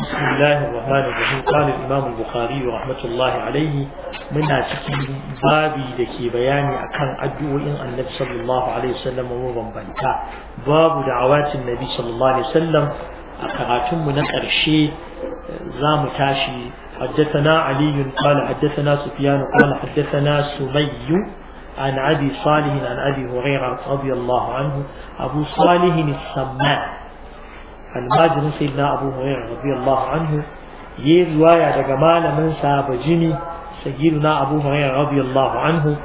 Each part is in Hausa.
بسم الله الرحمن الرحيم قال الإمام البخاري رحمة الله عليه من أتكي بابي دكي بياني أكان أدعو إن النبي صلى الله عليه وسلم ومبنتا باب دعوات النبي صلى الله عليه وسلم أكراتم من أرشي زام تاشي حدثنا علي قال حدثنا سفيان قال حدثنا سمي عن أبي صالح عن أبي هريرة رضي الله عنه أبو صالح السمان المجن سيدنا أبو هريرة رضي الله عنه يروي على جمال من ساب جني سيدنا أبو هريرة رضي الله عنه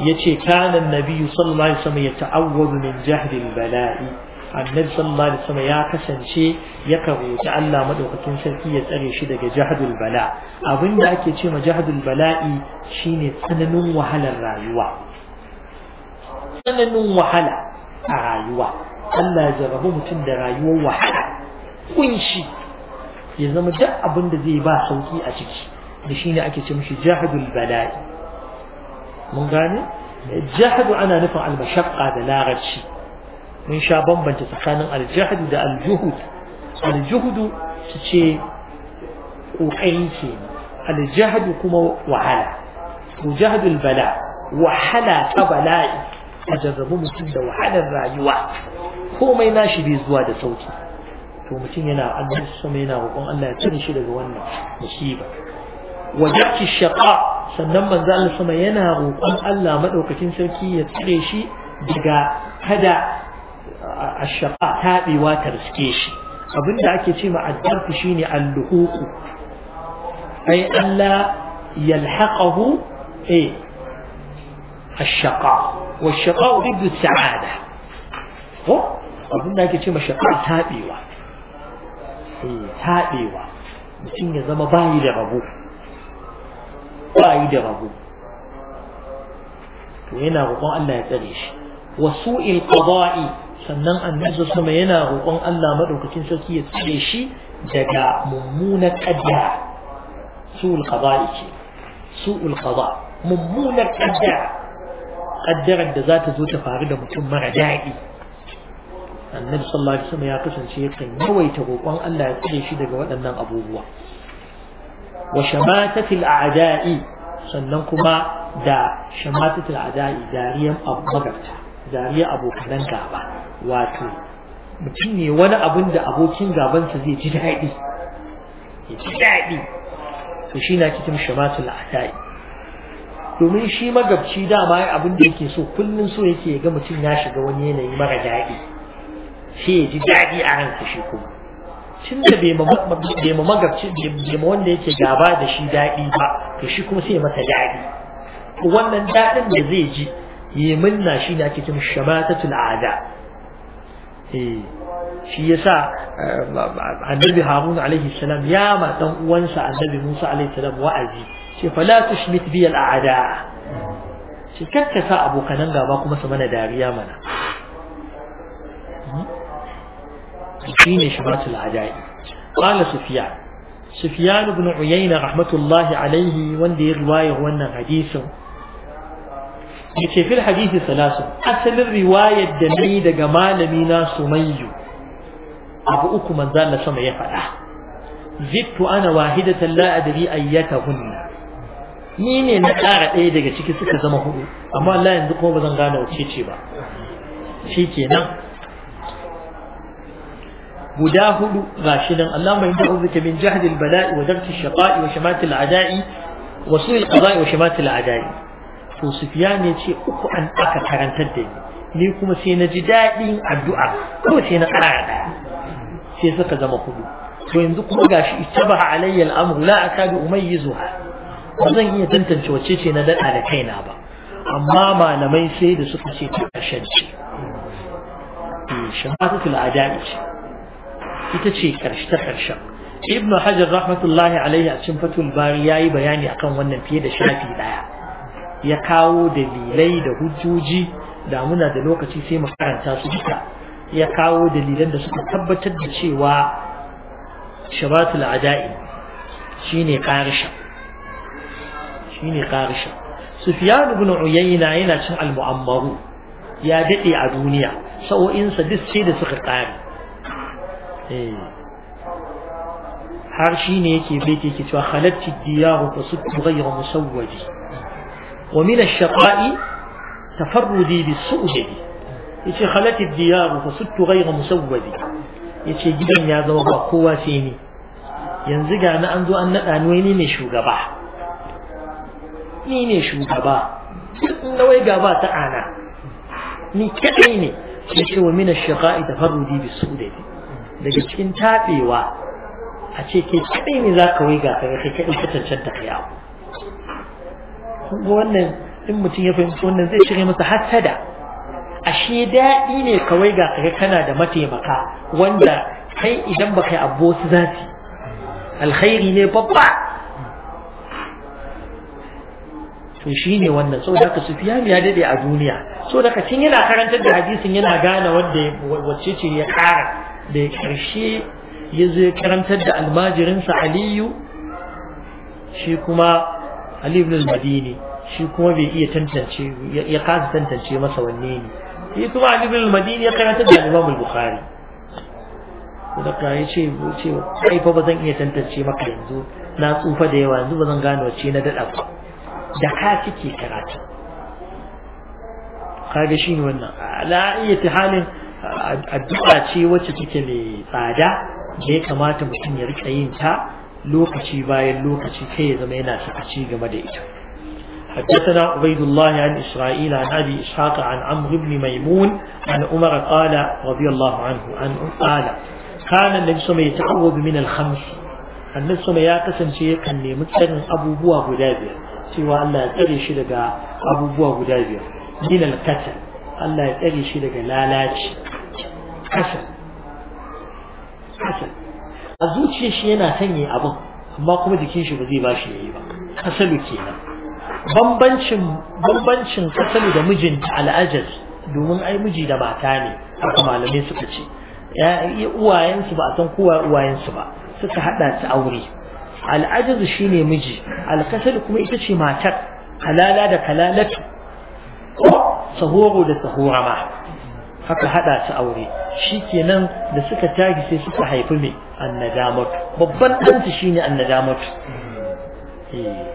يتي كان النبي صلى الله عليه وسلم يتعوذ من جهد البلاء النبي صلى الله عليه وسلم يا كسن شيء يكره تعالى مدوك تنسكي يتأري شدك جهد البلاء أظن ذلك يتي جهد البلاء شيني تنن وحل الرايوة تنن وحل الرايوة أما جرهم تند رايوة وحل kunshi ya zama duk abin da zai ba sauki a ciki da shi ne ake ce mishi jahadul bala'i mun gane jahadu ana nufin al-mashaqqa da lagarci mun sha bambanta tsakanin al-jahadu da al-juhud al aljuhudu su ce ce al-jahadu kuma wahala to jahadul bala wahala ta bala'i a jarrabu mutum da wahalar rayuwa komai nashi bai zuwa da sauki to mutum yana annabi sama yana roƙon Allah ya cire shi daga wannan musiba wajabti shaqa sannan manzo Allah sama yana roƙon Allah madaukakin sarki ya cire shi daga kada ashaqa taɓewa ta riske shi abinda ake ce ma addarfu shine alluhuqu ai Allah yalhaqahu eh الشقاء والشقاء ضد السعادة هو أظن أنك تشوف الشقاء تابيوة taɗewa mutum ya zama bayi da rabo bayi da rabo to yana roƙon Allah ya tsare shi wasu ilqada'i sannan annabi sama yana roƙon Allah madaukakin sarki ya tsare shi daga mummunar ƙadda su'ul qada'i ce su'ul qada mummunar ƙadda ƙaddarar da za ta zo ta faru da mutum mara daɗi annabi sallallahu alaihi wasallam ya kasance yakan yawaita roƙon Allah ya tsare shi daga waɗannan abubuwa wa shamatatil a'da'i sannan kuma da shamatatil a'da'i dariyan magarta dariya abokan gaba wato mutum ne wani abin da abokin gabansa zai ji daɗi ya ji daɗi to shi na cikin shamatul a'da'i domin shi magabci dama abin da yake so kullum so yake ga mutum ya shiga wani yanayi mara daɗi Sai ya ji daɗi a ranka shi kuma tun da bai ma magabci bai ma wanda yake gaba da shi daɗi ba to shi kuma sai masa daɗi wannan daɗin da zai ji yi minna shi na cikin cin shamatatul ada eh, shi sa eh, annabi harun alaihi salam ya ma dan uwansa annabi musa alaihi salam wa'azi ce fala tushmit bi al a'da shi kakka abokanan gaba kuma su mana dariya mana shine shibatul hada'i rahmatullahi alaihi wanda ya riwaya wannan hadisin yace fil hadisi riwayar da ni daga malami na sumayyu abu uku manzo Allah sama ya faɗa zittu ana ni ne na ƙara ɗaya daga ciki suka zama hudu amma Allah yanzu kuma ba zan gane wace ce ba shikenan هداهد غاشدا اللهم انت بك من جهد البلاء ودرك الشقاء وشمات العداء وصول القضاء وشمات العداء تو سفيان يجي اكو ان اكا كرنت الدنيا ني كما سينا جدائي الدعاء كما سينا قرارة سيسك زمكو تو يندو كما غاش اتبه علي الامر لا اكاد اميزها وزن هي تنتن شو تشيشي ندر على كينا با اما ما لمن سيد سفشي تشيشي شمات العداء ita ce karshe ta karshen ibnu hajar rahmatullahi alaihi a cin fatul bari yayi bayani akan wannan fiye da shafi daya ya kawo dalilai da hujjoji da muna da lokaci sai mu karanta su duka ya kawo dalilan da suka tabbatar da cewa shabatul ada'i shine karshe shine karshe sufyan ibn uyayna yana cin al-mu'ammaru ya dade a duniya sa'o'insa duk sai da suka kare har shi ne yake baiti yake cewa halatti diyaru fa sukku ghayra musawwaji wa min ash-shaqa'i tafarrudi bis-su'udi yace halatti diyaru fa sukku ghayra musawwaji yace gidan ya zama ba kowa sai ni yanzu ga na an zo an naɗa ni wai ni ne shugaba ni ne shugaba na wai gaba ta ana ni kadai ne yace wa min ash-shaqa'i tafarrudi bis-su'udi daga cikin taɓewa a ce ke kaɗai ne za ka waiga ka kai kaɗai ka cancanta ka kuma wannan in mutum ya fahimci wannan zai cire masa hasada, ashe daɗi ne ka waiga ka kai kana da mataimaka wanda kai idan ba kai abu wasu za su alkhairi ne babba to shi ne wannan saboda haka fiya ya dade a duniya saboda ka cin yana karantar da hadisin yana gane wanda wacce ce ya ƙara. da ƙarshe ya zo ya karantar da almajirinsa aliyu shi kuma ali ibn al-madini shi kuma bai iya tantance ya kasa tantance masa wanne ne shi kuma ali madini ya karantar da imam al-bukhari sadaka ya ce ce kai fa ba zan iya tantance maka yanzu na tsufa da yawa yanzu ba zan gane wacce na daɗa ba da ka kike karatu shi ne wannan ala iya halin addu'a ce wacce take mai tsada da ya kamata mutum ya rika yin ta lokaci bayan lokaci kai ya zama yana sakaci game da ita حدثنا عبيد الله عن إسرائيل عن أبي إسحاق عن عمرو بن ميمون عن عمر قال رضي الله عنه عن قال كان النبي صلى الله عليه وسلم يتعوذ من الخمس النبي صلى الله عليه وسلم كان يمتلن أبو بوا غدابير سوى أن لا تري شرق أبو بوا غدابير من القتل Allah ya tsare shi daga lalaci kasan. Kasan. a zuciyar shi yana sanye abin amma kuma jikin shi ba zai ba shi yayi ba kasalu kenan bambancin bambancin kasalu da mijin al'ajaz domin ai miji da mata ne haka malamai suka ce ya uwayensu ba a san kowa uwayensu ba suka hada su aure al'ajaz shine miji alkasal kuma ita ce matar halala da kalalatu sahoro da sahora ma haka hada su aure shikenan da suka tagi sai suka haifi mai annadamatu babban ɗansu shine annadamatu eh,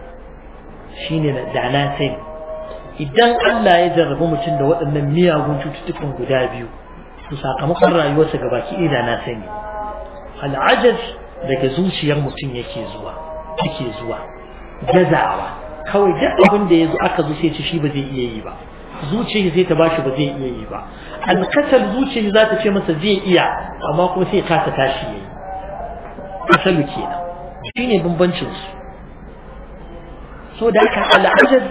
shine da na sai idan Allah ya jarrabi mutum da waɗannan miyagun cututtukan guda biyu to sakamakon rayuwarsa ga baki ɗaya na sani al'ajaz daga zuciyar mutum yake zuwa yake zuwa gazawa kawai duk abin da ya aka zo sai shi ba zai iya yi ba Zuciyar zai ta bashi ba zai iya yi ba Alƙasar zuciyar za ta ce masa zai iya amma kuma sai kasa tashi yayi asalu kenan shine bambancin su so da haka al'ajab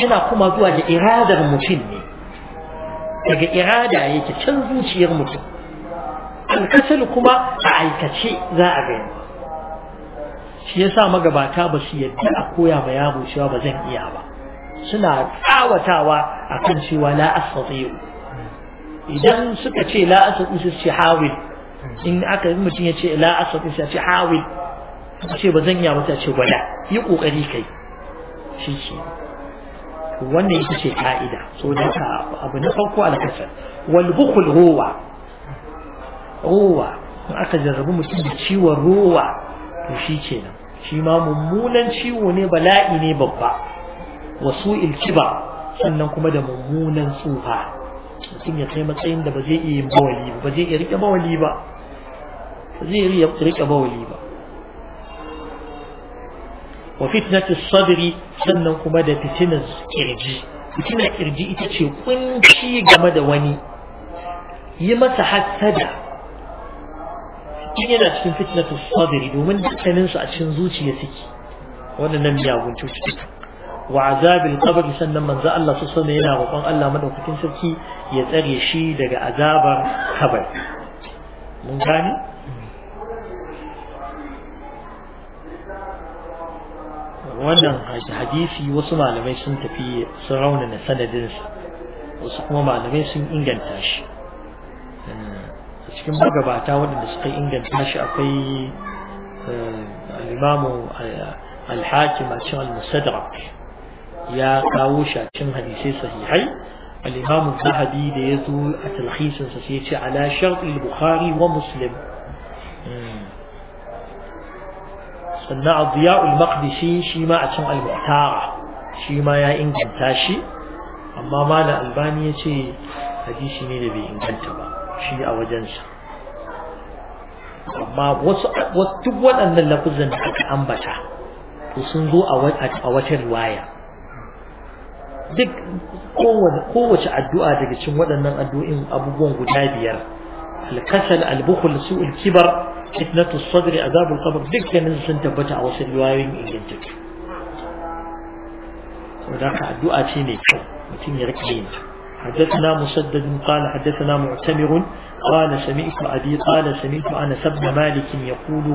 yana kuma zuwa da iradar mutum ne daga irada yake can zuciyar mutum Alƙasar kuma a aikace za a gani shi yasa magabata ba su yadda a koya ma yaro cewa ba zan iya ba suna tsawatawa kan cewa la astati'u idan suka ce la astati'u su ce hawil in aka yi mutum ya ce la astati'u su ce hawil su ce ba zan ya mata ce gwada yi kokari kai shi ce wannan ita ce ka'ida so da ka abu na farko alkasar wal bukhul ruwa ruwa in aka jarrabu mutum da ciwon ruwa to shi kenan shi ma mummunan ciwo ne bala'i ne babba وسوء الكبر sannan kuma da mummunan tsufa mutum ya kai matsayin da ba zai iya yin bawali ba ba zai iya rike bawali ba ba zai iya rike bawali ba wa fitnatu sadri sannan kuma da fitinar kirji fitinar kirji ita ce kunci game da wani yi masa hassada in yana cikin fitnatu sadri domin dukkaninsu a cikin zuciya suke waɗannan miyagun cututtuka وعذاب القبر sannan manzo Allah su sallama yana roƙon Allah madaukakin sarki ya tsare shi daga azabar kabar mun gane wannan hadisi wasu malamai sun tafi sun raunana sanadinsa wasu kuma malamai sun inganta shi a cikin magabata waɗanda suka inganta shi akwai al-imamu al-hakim a cikin al-mustadrak ya kawo shi hadisai sahihai al-imam zahabi da ya zo a talhisin sa sai ya ce ala shart bukhari wa muslim sannan adiya al-maqdisi shi ma a cin al-mu'tara shi ma ya inganta shi amma malam albani ya ce hadisi ne da bai inganta ba shi a wajensa amma wasu duk waɗannan lafuzan da aka ambata to sun zo a wata riwaya duk kowace kowace addu'a daga cikin waɗannan addu'in abubuwan guda biyar al-kasal al-bukhl su'ul kibar fitnatu sadri azabul qabr dukkanin sun tabbata a wasu riwayoyin ingantattu saboda ka addu'a ce mai kyau mutum ya rike yin حدثنا مسدد قال حدثنا معتمر قال سمعت أبي قال سمعت أنس بن مالك يقول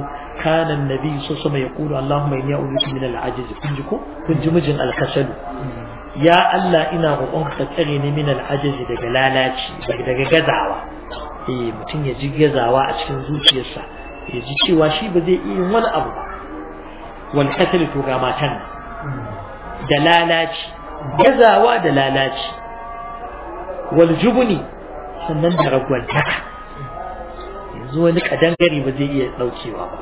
كان النبي صلى الله عليه وسلم يقول اللهم إني أعوذ بك من العجز كنت مجن الكسل ya Allah ina roƙonka ka tsare ni min al'ajazi daga lalaci daga gazawa eh mutum ya ji gazawa a cikin zuciyarsa ya ji cewa shi ba zai iya wani abu ba wal qatl to ga matan da lalaci gazawa da lalaci wal jubni sannan da ragwantaka yanzu wani kadangare ba zai iya daukewa ba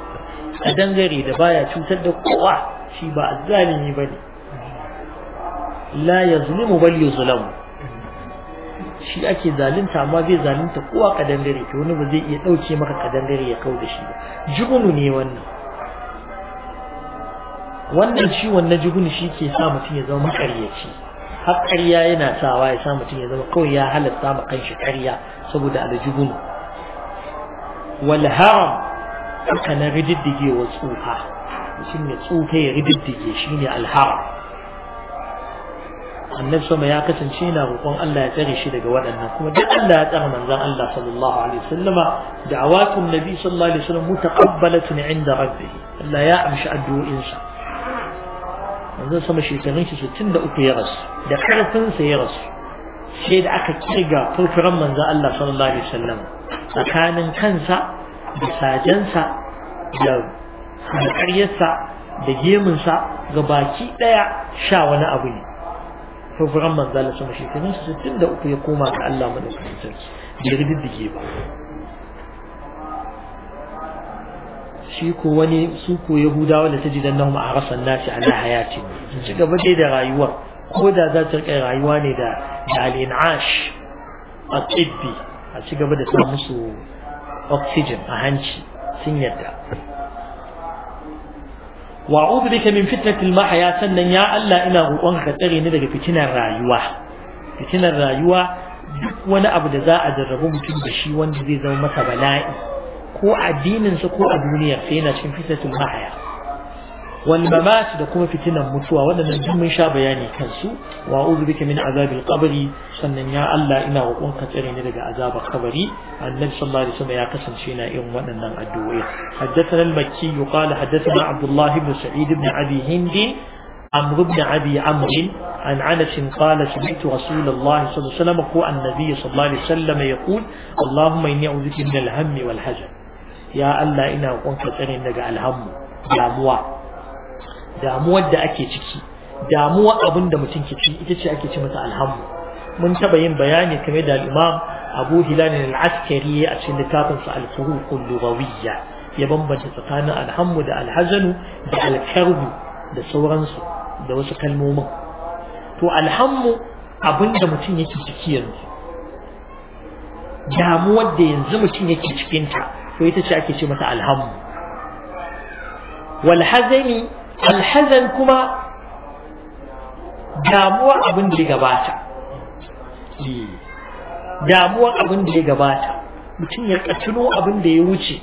kadangare da baya cutar da kowa shi ba azzalimi bane la yazlimu bal yuzlamu shi ake zalunta amma bai zalunta kowa kadangare to wani ba zai iya dauke maka kadangare ya kau da shi ba jigunu ne wannan wannan ciwon na jigunu shi ke sa mutum ya zama makaryaci har ƙarya yana sawa ya sa mutum ya zama kawai ya halatta ma kanshi ƙarya saboda aljigunu wal haram haka na rididdige wa tsufa mutum ya tsufa ya rididdige shine alharam annabi sama ya kasance yana roƙon Allah ya tsare shi daga waɗannan kuma duk Allah ya tsare manzon Allah sallallahu alaihi wasallama da'awatun nabi sallallahu alaihi wasallam mutaqabbalatun 'inda rabbih Allah ya amshi addu'o'insa manzon sama shekarun shi 63 ya rasu da karfin sa ya rasu sai da aka kirga furfuran manzon Allah sallallahu alaihi wasallam tsakanin kansa da sajensa da karyarsa da gemunsa ga baki daya sha wani abu ne sauran manza su mashi kanin su sittin da uku ya koma ga Allah madaukakin sarki bai riddige ba shi ko wani su ko yahudawa da ta ji dan nahum a rasan nasi ala hayati su ci gaba dai da rayuwar ko da za ta rika rayuwa ne da da al a tibbi a ci gaba da sa musu oxygen a hanci sun yadda wa a'udhu bika min fitnatil mahya sannan ya Allah ina roƙon ka tsare ni daga fitinar rayuwa fitinar rayuwa duk wani abu da za a jarrabu mutum da shi wanda zai zama masa bala'i ko addininsa ko a duniyar sai yana cikin fitnatul mahya wal mamat da kuma fitinan mutuwa waɗannan duk sha bayani kansu wa a'udhu bika min azabil kabari sannan ya Allah ina roƙon ka tsare ni daga azabar kabari annabi sallallahu alaihi ya kasance na irin waɗannan addu'o'i haddathana al-makki qala haddathana abdullah ibn sa'id ibn abi hindi عمرو بن أبي عمرو عن أنس قال سمعت رسول الله صلى الله عليه وسلم هو النبي صلى الله عليه وسلم يقول اللهم إني أعوذ بك من الهم والحزن يا الله إنا وأنت ترين الهم يا موعد damuwar da ake ciki damuwar abin da mutum ke ciki ita ce ake ce mata alhamu mun taba yin bayani kamar da al-imam Abu Hilal al-Askari a cikin littafin sa al-Furuq al-Lughawiyya ya bambanta tsakanin alhamu da al-hazanu da al-karb da sauransu da wasu kalmomin to alhamu abin da mutum yake ciki yanzu damuwar da yanzu mutum yake cikin ta to ita ce ake ce mata alhamu wal alhazan kuma damuwa abin da ya gabata damuwa abin da ya gabata mutum ya katino abin da ya wuce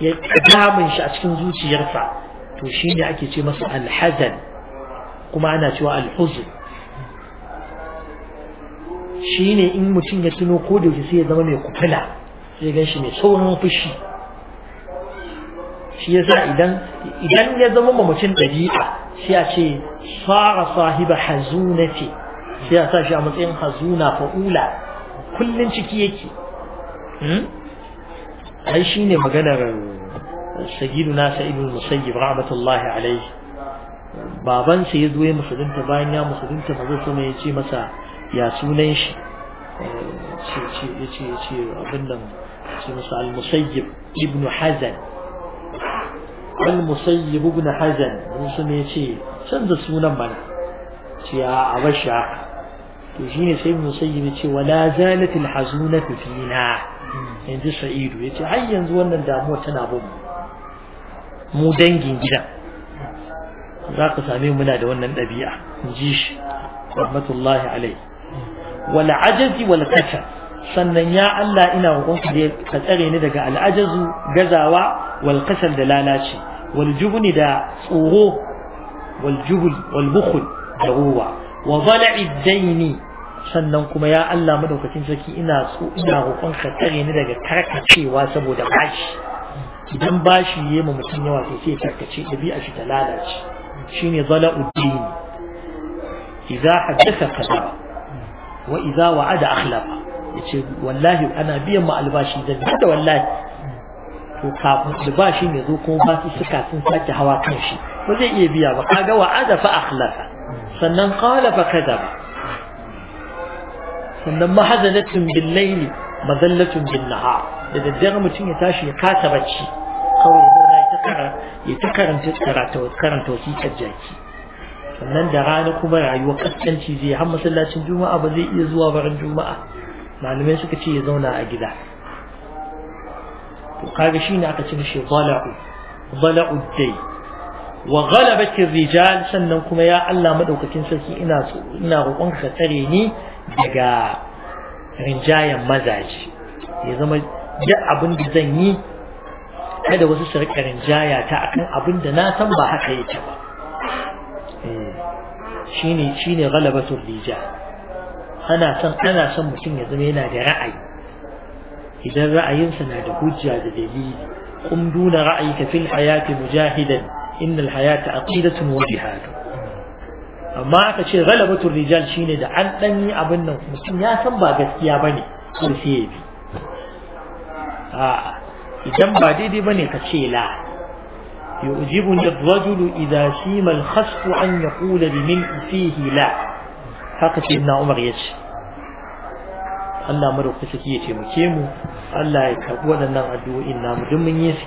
ya damun shi a cikin zuciyarsa to shi ne ake ce masa alhazan kuma ana cewa alhuzun shi ne in mutum ya tuno ko da sai ya zama mai kufula sai gan shi mai saurin fushi shi yasa idan idan ya zama mutum dabi'a sai a ce sara sahiba hazunati sai a sa shi a matsayin hazuna fa'ula kullun ciki yake hmm? ai shine maganar sayyiduna sa'idul musayyib rahmatullahi alayhi baban sa yazo ya musulunta bayan ya musulunta manzo sai ya ce masa ya sunan shi eh, ce ce ce ce abin nan ce masa al-musayyib ibnu hazan al-musayyib ibn hazan wani ne ce canza sunan mana ce a abasha to shine sai musayyib ce wala zalat al-hazuna fina yanzu sa'idu yace har yanzu wannan damuwa tana bin mu dangin gidan za ka same muna da wannan ɗabi'a in ji shi rahmatullahi alai wal ajazi wal sannan ya Allah ina roƙonka da ka tsare ni daga al'ajazu gazawa wal kasal da lalaci waljubni da tsoro waljubul walbukhul da ruwa wa zala'i ne. sannan kuma ya Allah madaukakin sarki ina so ina roƙon ka tsare ni daga karkacewa saboda bashi idan bashi yayi ma mutum yawa sai sai karkace dabi'a shi ta lalace shine zala'u daini idza haddatha kadaba wa idza wa'ada akhlafa yace wallahi ana biyan ma albashi zan da wallahi to kafin albashin ya zo kuma basu suka sun sake hawa kan shi ba zai iya biya ba kaga wa'ada fa akhlafa sannan qala fa kadaba sannan mahazanatun bil layli mazallatun bin nahar da daddare mutum ya tashi ya kasa bacci kawai gona ya takara ya ta karanta karanta karanta wasiƙar jaki sannan da rana kuma rayuwar kaskanci zai har masallacin juma'a ba zai iya zuwa barin juma'a malamai suka ce ya zauna a gida وقال شيء أكا تنشي ضلع ضلع الدين وغلبت الرجال سننكم يا الله مدوك تنسكي إنا إنا روانك تريني دقا رنجايا مزاج يزم duk abin da zan yi kada wasu su rika rinjaya ta akan abin da na san ba haka yake ba shine shine galabatul rijal ana son ana son mutum ya zama yana da ra'ayi إذا رأي سنة حجة دليل قم دون رأيك في الحياة مجاهدا إن الحياة عقيدة وجهاد amma aka ce الرجال rijal shine da an dan yi abin nan mutum ya san ba gaskiya bane ko sai ya bi a idan ba daidai bane ka ce la الرجل إذا سيم الخصف أن يقول بملء فيه لا هكذا سيدنا عمر يجي Allah madaukaki ya taimake mu Allah ya karbi waɗannan addu'o'in namu duk mun yi su